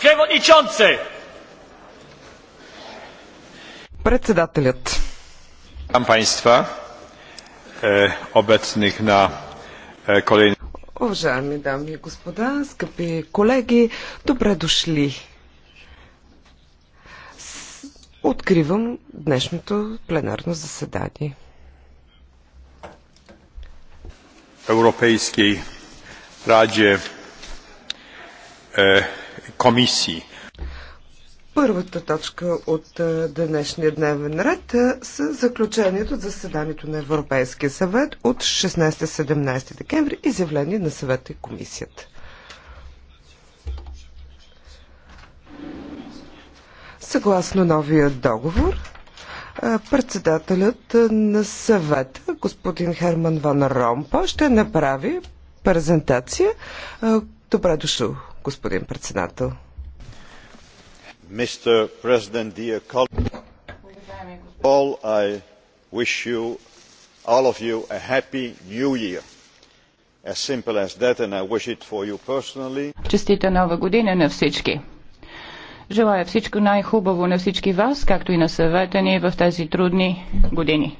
Przewodniczący! Председателят. Witam Państwa e, obecnych na e, kolejnym. Уважаеми дами и господа, скъпи колеги, добре дошли. С... Откривам днешното пленарно заседание. Европейски Раде е, комисии. Първата точка от днешния дневен ред са заключението от заседанието на Европейския съвет от 16-17 декември, и заявление на съвета и комисията. Съгласно новия договор, председателят на съвета, господин Херман Ван Ромпо ще направи презентация. Добре дошъл, господин председател. Честита нова година на всички! Желая всичко най-хубаво на всички вас, както и на съвета ни в тези трудни години.